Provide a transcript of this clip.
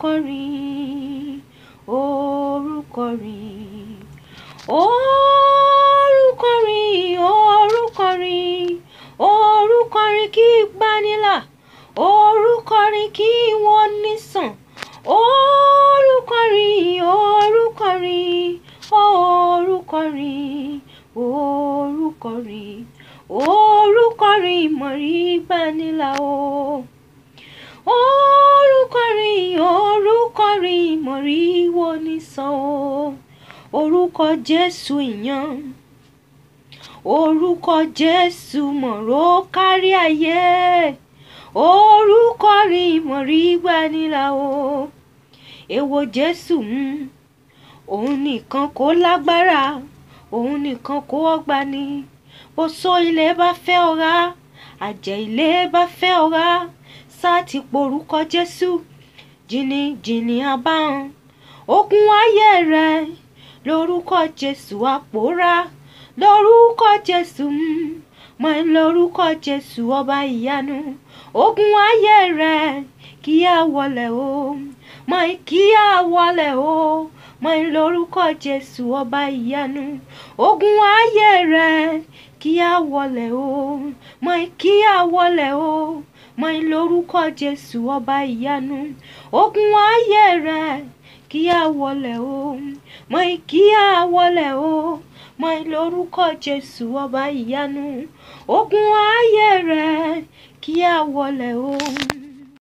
orúkọ rí orúkọ rí orúkọ rí orúkọ rí orúkọ rí kí gbanilà orúkọ rí kí wọ́n nísàn orúkọ rí orúkọ rí orúkọ rí orúkọ rí orúkọ rí mọ̀rí gbanilà o. rìn mọ̀rí wo ní sàn o orúkọ Jésù ìyàn orúkọ Jésù mọ̀ró kárí ayé orúkọ rìn mọ̀rí gbanilà o èwo Jésù mú òun nìkan kó lágbára òun nìkan kó ọgbani bó so ilé bá fẹ́ ọ̀rá àjẹ́ ilé bá fẹ́ ọ̀rá sá ti porúkọ Jésù. jìnnìjìnnì abáhùn ogun ayé rẹ lórúkọ jésù àpòórá lórúkọ jésù mọ lórúkọ jésù ọba ìyanu ogun ayé rẹ kí á wọlé o mọ kí á wọlé o mọ lórúkọ jésù ọba ìyanu ogun ayé rẹ kí á wọlé o mọ kí á wọlé o. mọ́ in lórúkọ Jésù ọba ìyanu ogun ayé rẹ kí á wọlẹ̀ o mọ́ in kí á wọlẹ̀ o mọ́ in lórúkọ Jésù ọba ìyanu ogun ayé rẹ kí á wọlẹ̀ o.